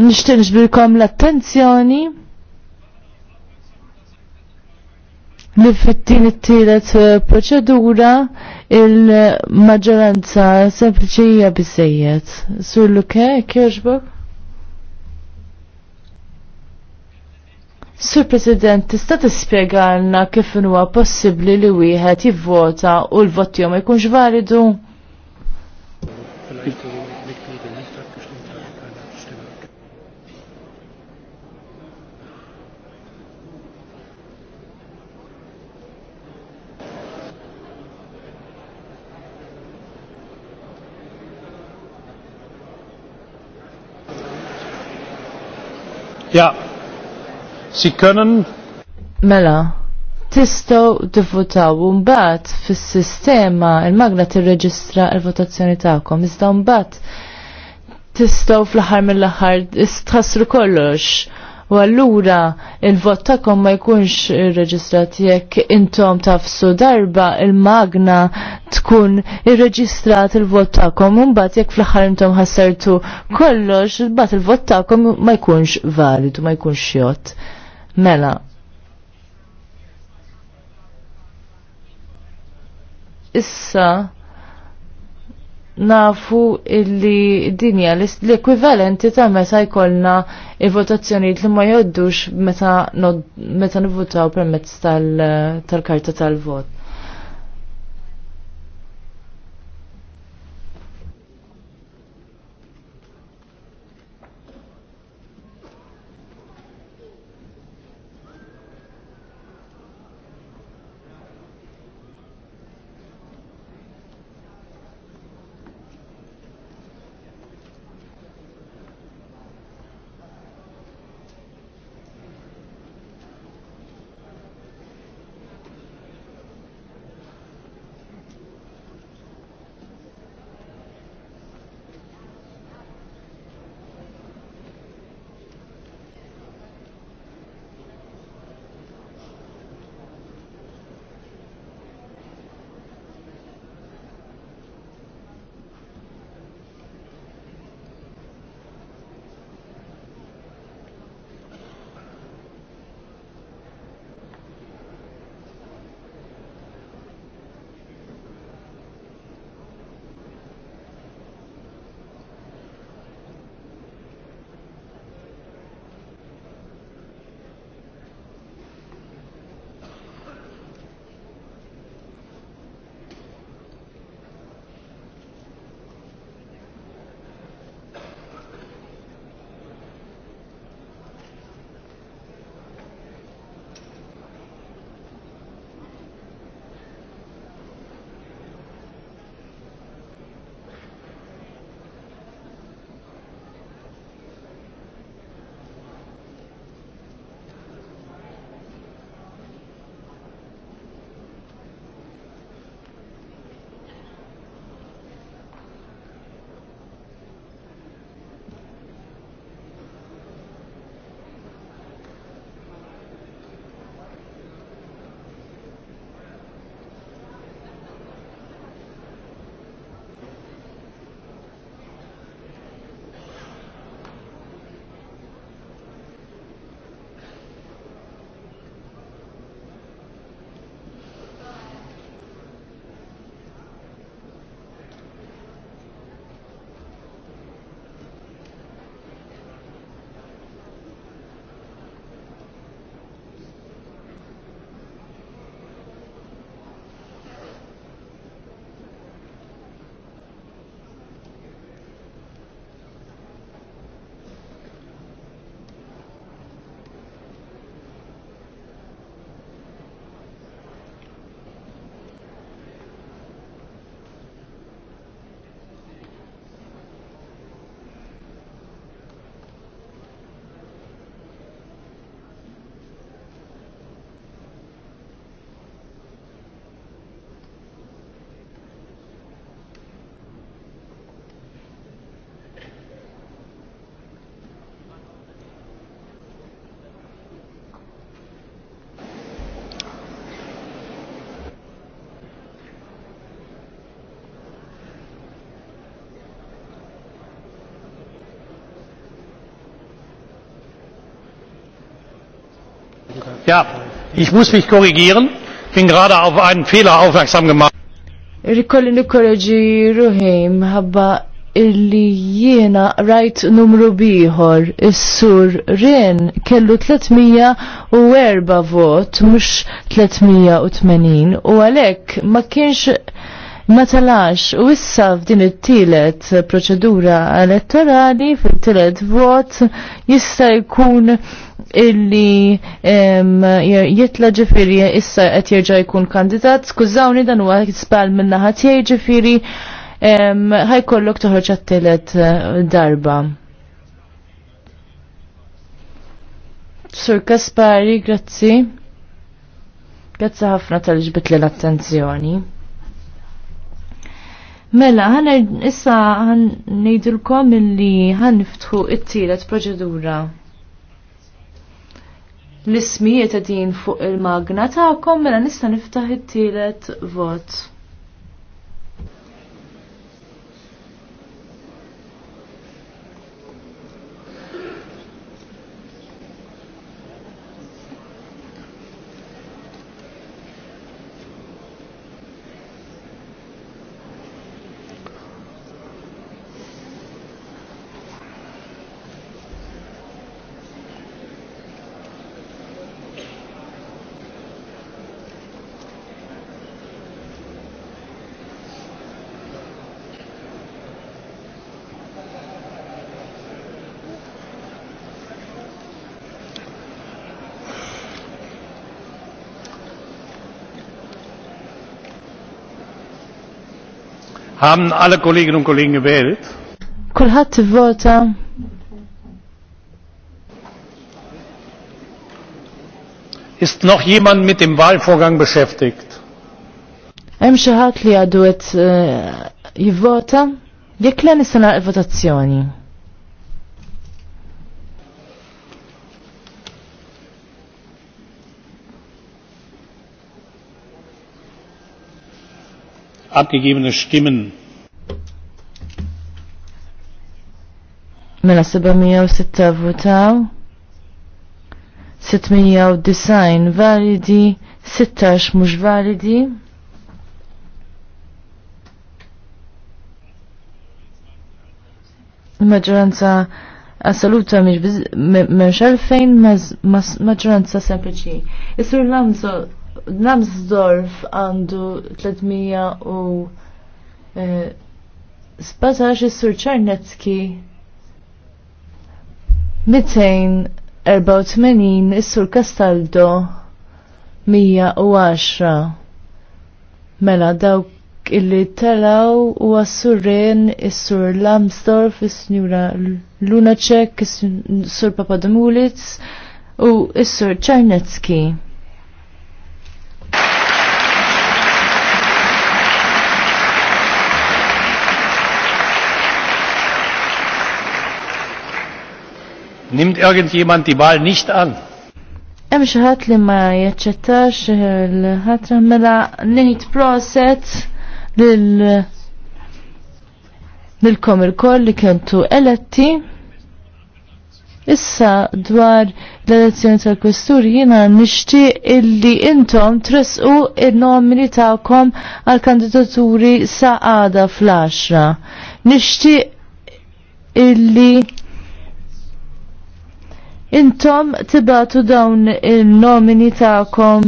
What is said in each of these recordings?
nishtin ġbilkom l-attenzjoni li fittin it-tielet eh, proċedura il-maġġoranza sempliċija bisejjed. Sur Luke, kjoġbok? Sur President, tista' tispjegalna kif huwa possibbli li wieħed jivvota u l-vot tiegħu ma jkunx validu? Ja, si können. Mela, tistow tivvotaw u mbagħad fis-sistema il-magna tirreġistra l-votazzjoni tagħkom. Iżda mbagħad tistgħu fl-aħħar mill-aħħar tħassru kollox U allura il-vot tagħkom ma jkunx irreġistrat jekk intom tafsu darba il-magna tkun irreġistrat il-vot tagħkom u mbagħad jekk fl-aħħar intom ħassartu kollox, bat il-vot tagħkom ma jkunx validu, ma jkunx jott. Mela, issa nafu illi dinja l-ekwivalenti ta' meta jkollna il-votazzjonijiet li ma joddux meta nivvutaw permezz tal-karta tal-vot. Ja, ich muss mich korrigieren. Ich bin gerade auf einen Fehler aufmerksam gemacht. Rikolli nikkoreġi ruħi mħabba illi jiena rajt numru biħor, is-sur Ren kellu 304 vot, mux 380, u għalek ma kienx ma talax u issa f'din it-tielet proċedura elettorali fil-tielet vot jista' jkun illi jitla ġifiri issa qed jerġa' jkun kandidat. Skużawni dan huwa spal minn naħa tiegħi ġifiri ħajkollok toħroġ għat-tielet eh, darba. Sur Kaspari, grazzi. Grazzi ħafna tal ġbitli l-attenzjoni. Mela, ħana issa għan nejdilkom illi għan niftħu it-tielet proċedura. L-ismijiet għedin fuq il-magna ta'kom, mela nista niftaħ it-tielet vot. Haben alle Kolleginnen und Kollegen gewählt? Kulħadd vota Ist noch jemand mit dem Wahlvorgang beschäftigt? Hemm xi ħadd li għadu qed eh, jivvota? Jekk le nista' votazzjoni. abgegebene Stimmen. Mela 706 votaw, 609 validi, 16 mhux validi. Maġġoranza assoluta mhux għalfejn maġġoranza sempliċi. Isur Lanzo Namsdorf għandu 300 u eh, spatax is-sur Czarnecki 284 is-sur Castaldo 110 mela dawk illi telaw u għassurren is-sur Lamsdorf is-snjura Lunacek is-sur Papadomulitz u is-sur Czarnecki. Nimmt irgendjemand die Wahl nicht an? Hemm xi ħadd li ma jaċċettax il-ħatra mela ngħid proset lil lilkom il-koll li kentu eletti. Issa dwar l-elezzjoni tal kwestur jiena nixtieq illi intom tresqu il-nomini tagħkom għal kandidaturi sa' għada fl-10. Nixtieq illi intom tibatu dawn il-nomini ta'kom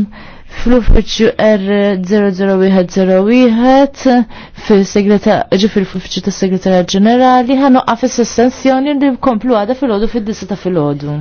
fl-uffiċċju R00101 fil-uffiċċju tas segretarja ġenerali ħanoqqa fis-sessjoni li komplu għada fil-ħodu fil-disa ta' fil-ħodu.